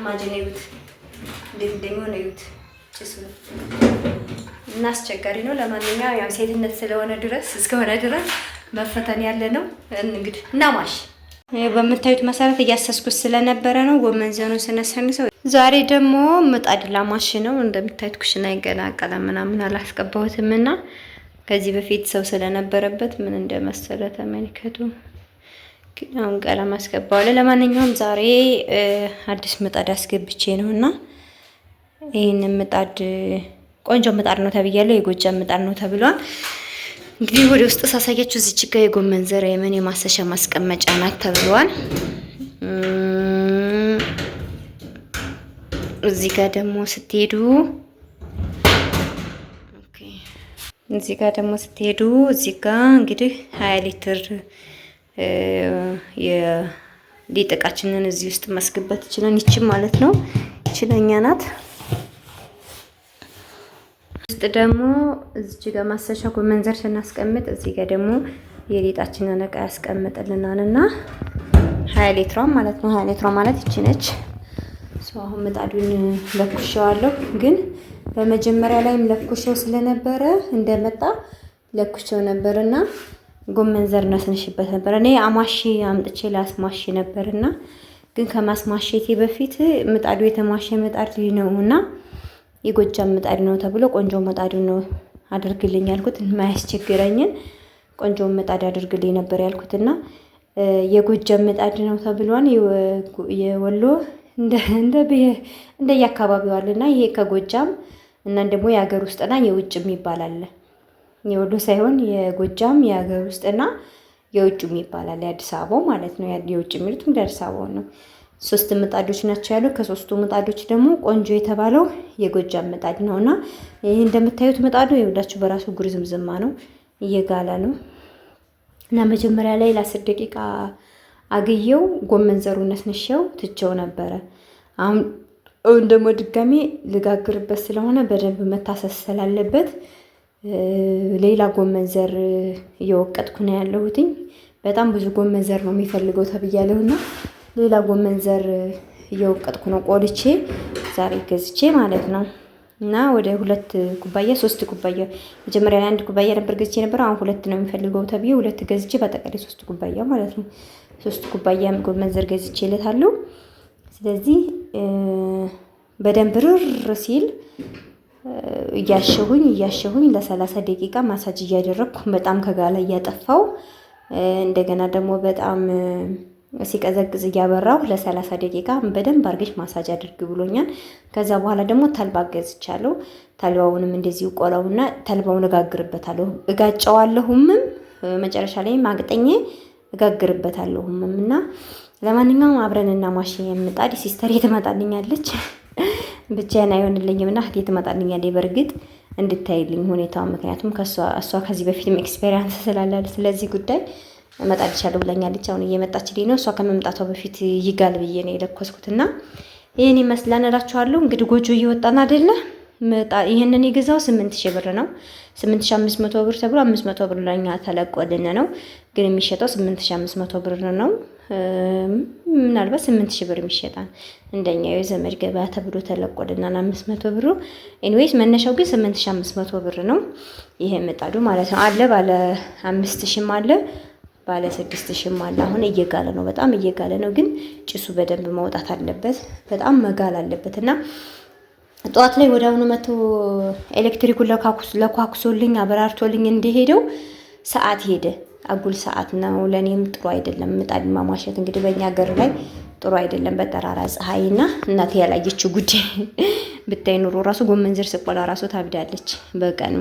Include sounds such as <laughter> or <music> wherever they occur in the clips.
ኢማጂን እዩት፣ እንዴት እንደሚሆን እዩት። ጭሱ እና አስቸጋሪ ነው። ለማንኛውም ያው ሴትነት ስለሆነ ድረስ እስከሆነ ድረስ መፈተን ያለ ነው እንግዲህ እና ማሽ በምታዩት መሰረት እያሰስኩት ስለነበረ ነው ጎመን ዘኑ ስነሰንሰው። ዛሬ ደግሞ ምጣድ ላማሽ ነው። እንደምታዩት ኩሽና ይገናቀለ ምናምን አላስቀባሁትም እና ከዚህ በፊት ሰው ስለነበረበት ምን እንደመሰለ ተመልከቱ። አሁን ቀለም አስገባዋለሁ። ለማንኛውም ዛሬ አዲስ ምጣድ አስገብቼ ነው እና ይህን ምጣድ ቆንጆ ምጣድ ነው ተብያለሁ። የጎጃም ምጣድ ነው ተብሏል። እንግዲህ ወደ ውስጥ ሳሳያችሁ እዚች ጋ የጎመን ዘር የምን የማሰሻ ማስቀመጫ ናት ተብሏል። እዚህ ጋር ደግሞ ስትሄዱ እዚህ ጋር ደግሞ ስትሄዱ እዚህ ጋር እንግዲህ ሀያ ሊትር የሊጥ እቃችንን እዚህ ውስጥ ማስገባት ይችላል። ይችም ማለት ነው ይችለኛ ናት። ውስጥ ደግሞ እዚህ ጋር ማሰሻ ጎመንዘር ስናስቀምጥ እዚህ ጋር ደግሞ የሊጣችንን እቃ ያስቀምጥልናል እና ሀያ ማለት ነው። ሀያ ሌትሯ ማለት ይቺ ነች። አሁን ምጣዱን ለኩሻዋለሁ፣ ግን በመጀመሪያ ላይም ለኩሸው ስለነበረ እንደመጣ ለኩሻው ነበርና ጎመን ዘር ነስንሽበት ነበር። እኔ አማሺ አምጥቼ ላስማሽ ነበር እና ግን ከማስማሸቴ በፊት ምጣዱ የተማሸ ምጣድ ነው እና የጎጃም ምጣድ ነው ተብሎ ቆንጆ ምጣድ ነው አድርግልኝ ያልኩት ማያስቸግረኝን ቆንጆ ምጣድ አድርግልኝ ነበር ያልኩት እና የጎጃም ምጣድ ነው ተብሏን የወሎ እንደየአካባቢዋልና ይሄ ከጎጃም እናን ደግሞ የሀገር ውስጥና የውጭም ይባላል። የወሎ ሳይሆን የጎጃም የሀገር ውስጥና የውጭም ይባላል። የአዲስ አበባው ማለት ነው። የውጭ የሚሉት እንደ አዲስ አበባው ነው። ሶስት ምጣዶች ናቸው ያሉ። ከሶስቱ ምጣዶች ደግሞ ቆንጆ የተባለው የጎጃም ምጣድ ነው እና ይህ እንደምታዩት ምጣዱ የወዳችሁ በራሱ ጉርዝምዝማ ነው፣ እየጋለ ነው እና መጀመሪያ ላይ ለአስር ደቂቃ አግየው ጎመን ዘሩ ነስንሸው ትቸው ነበረ። አሁን ደግሞ ድጋሜ ልጋግርበት ስለሆነ በደንብ መታሰስ ስላለበት ሌላ ጎመን ዘር እየወቀጥኩ ነው ያለሁትኝ። በጣም ብዙ ጎመን ዘር ነው የሚፈልገው ተብያለሁ እና ሌላ ጎመን ዘር እየወቀጥኩ ነው ቆልቼ ዛሬ ገዝቼ ማለት ነው። እና ወደ ሁለት ኩባያ ሶስት ኩባያ መጀመሪያ ላይ አንድ ኩባያ ነበር ገዝቼ የነበረው። አሁን ሁለት ነው የሚፈልገው ተብዬ ሁለት ገዝቼ በአጠቃላይ ሶስት ኩባያ ማለት ነው። ሶስት ኩባያ ጎመን ዘር ገዝቼ እለታለሁ። ስለዚህ በደንብ ርር ሲል እያሸሁኝ እያሸሁኝ ለሰላሳ ደቂቃ ማሳጅ እያደረግኩ በጣም ከጋለ እያጠፋው እንደገና ደግሞ በጣም ሲቀዘቅዝ እያበራሁ ለሰላሳ ደቂቃ በደንብ አርገሽ ማሳጅ አድርግ ብሎኛል። ከዛ በኋላ ደግሞ ተልባ ገዝቻለሁ። ተልባውንም እንደዚህ ቆላውና ተልባውን እጋግርበታለሁ፣ እጋጨዋለሁም መጨረሻ ላይ ማቅጠኝ እጋግርበታለሁም እና ለማንኛውም አብረንና ማሽ የምጣድ ሲስተር ትመጣልኛለች። ብቻዬን አይሆንልኝም እና እህቴ ትመጣልኛለች። በእርግጥ እንድታይልኝ ሁኔታ ምክንያቱም እሷ ከዚህ በፊትም ኤክስፔሪንስ ስላላል ስለዚህ ጉዳይ እመጣልሻለሁ ብላኛለች። አሁን እየመጣችልኝ ነው። እሷ ከመምጣቷ በፊት ይጋል ብዬ ነው የለኮስኩት እና ይህን ይመስላል እላችኋለሁ። እንግዲህ ጎጆ እየወጣን አይደለ? ይህንን የገዛው ስምንት ሺህ ብር ነው። ስምንት ሺህ አምስት መቶ ብር ተብሎ አምስት መቶ ብር ለኛ ተለቆልን ነው። ግን የሚሸጠው ስምንት ሺህ አምስት መቶ ብር ነው። ምናልባት ስምንት ሺህ ብር የሚሸጣል እንደኛ የዘመድ ገበያ ተብሎ ተለቆልናል። አምስት መቶ ብሩ ኤኒዌይስ መነሻው ግን ስምንት ሺህ አምስት መቶ ብር ነው። ይሄ ምጣዱ ማለት ነው። አለ ባለ አምስት ሺህም አለ ባለ ስድስት ሺህም አለ። አሁን እየጋለ ነው፣ በጣም እየጋለ ነው። ግን ጭሱ በደንብ መውጣት አለበት፣ በጣም መጋል አለበት እና ጠዋት ላይ ወደ አሁኑ መቶ ኤሌክትሪኩን ለኳኩሶልኝ አበራርቶልኝ እንደሄደው ሰዓት ሄደ። አጉል ሰዓት ነው። ለእኔም ጥሩ አይደለም። ምጣድ ማሟሸት እንግዲህ በእኛ ሀገር ላይ ጥሩ አይደለም። በጠራራ ፀሐይና እናቴ ያላየችው ጉዳይ <laughs> ብታይ ኑሮ ራሱ ጎመን ስቆላ ራሱ ታብዳለች በቀኑ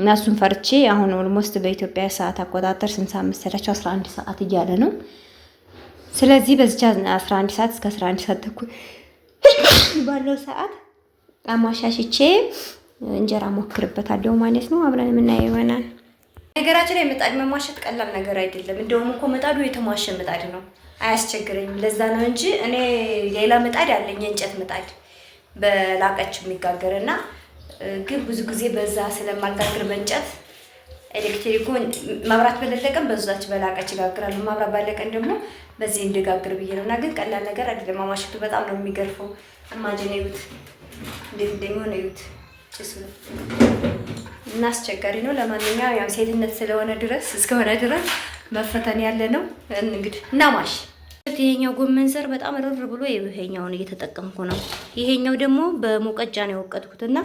እና እሱን ፈርቼ አሁን ኦልሞስት በኢትዮጵያ ሰዓት አቆጣጠር ስንት ሰዓት መሰላችሁ? 11 ሰዓት እያለ ነው። ስለዚህ በዚቻ 11 ሰዓት እስከ 11 ሰዓት ተኩል <laughs> ባለው ሰዓት አሟሻሽቼ እንጀራ ሞክርበታለሁ ማለት ነው። አብረን የምናየው ይሆናል። ነገራችን ላይ ምጣድ መሟሸት ቀላል ነገር አይደለም። እንደውም እኮ ምጣዱ የተሟሸ ምጣድ ነው፣ አያስቸግረኝም። ለዛ ነው እንጂ እኔ ሌላ ምጣድ አለኝ፣ የእንጨት ምጣድ በላቀች የሚጋገር እና ግን ብዙ ጊዜ በዛ ስለማጋግር በእንጨት ኤሌክትሪኩ መብራት በለለቀን በዛች በላቀች ይጋግራሉ። መብራት ባለቀን ደግሞ በዚህ እንድጋግር ብዬ ነው እና ግን ቀላል ነገር አይደለም። ማሟሸቱ በጣም ነው የሚገርፈው። እማጅን እዩት፣ እንዴት እንደሚሆን እዩት ጭሱ እና አስቸጋሪ ነው። ለማንኛውም ያው ሴትነት ስለሆነ ድረስ እስከሆነ ድረስ መፈተን ያለ ነው እንግዲህ እና ማሽ ይሄኛው ጎመን ዘር በጣም ርር ብሎ ይሄኛውን እየተጠቀምኩ ነው። ይሄኛው ደግሞ በሙቀጫ ነው እና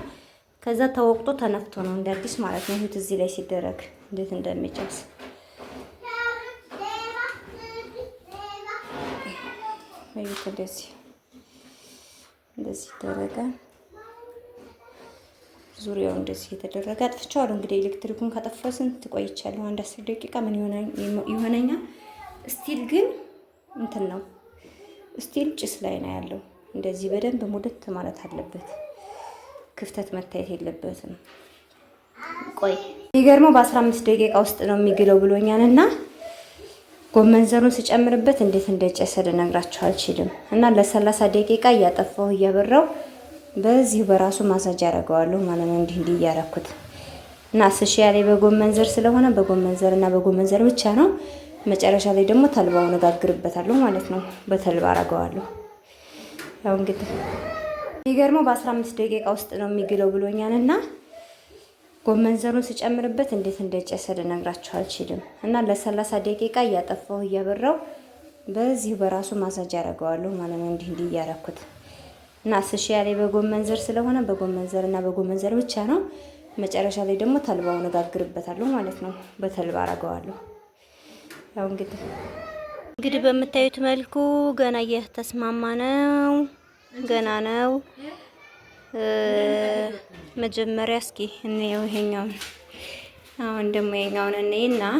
ከዛ ተወቅጦ ተነፍቶ ነው እንደ አዲስ ማለት ነው። ይሁት እዚህ ላይ ሲደረግ እንዴት እንደሚጨስ ይሁት እንደዚህ እንደዚህ ይደረጋል። ዙሪያው እንደዚህ የተደረገ አጥፍቼዋለሁ። እንግዲህ ኤሌክትሪኩን ካጠፋሁ ስንት ቆይቻለሁ? አንድ አስር ደቂቃ ምን ይሆነኛ ስቲል ግን እንትን ነው ስቲል ጭስ ላይ ነው ያለው። እንደዚህ በደንብ ሙድት ማለት አለበት። ክፍተት መታየት የለበትም። ቆይ የሚገርመው በአስራ አምስት ደቂቃ ውስጥ ነው የሚግለው ብሎኛል እና ጎመን ዘሩን ስጨምርበት እንዴት እንደጨሰ ልነግራቸው አልችልም። እና ለሰላሳ ደቂቃ እያጠፋሁ እያበራው በዚህ በራሱ ማሳጅ አደርገዋለሁ ማለት ነው። እንዲህ እንዲህ እያረኩት እና ስሽ ያለ በጎመን ዘር ስለሆነ በጎመን ዘር እና በጎመን ዘር ብቻ ነው። መጨረሻ ላይ ደግሞ ተልባው እጋግርበታለሁ ማለት ነው። በተልባ አደርገዋለሁ። ያው እንግዲህ የሚገርመው በ15 ደቂቃ ውስጥ ነው የሚግለው ብሎኛል እና ጎመን ዘሩን ስጨምርበት እንዴት እንደጨሰ ልነግራችሁ አልችልም። እና ለ30 ደቂቃ እያጠፋሁ እያበራው በዚህ በራሱ ማሳጅ አደርገዋለሁ ማለት ነው። እንዲህ እንዲህ እና አስር ሺህ በጎመን ዘር ስለሆነ በጎመን ዘር እና በጎመን ዘር ብቻ ነው። መጨረሻ ላይ ደግሞ ተልባው እጋግርበታለሁ ማለት ነው። በተልባ አረገዋለሁ። ያው እንግዲህ እንግዲህ በምታዩት መልኩ ገና እየተስማማ ነው። ገና ነው። መጀመሪያ እስኪ እንየው ይሄኛውን። አሁን ደግሞ ይሄኛውን እንይና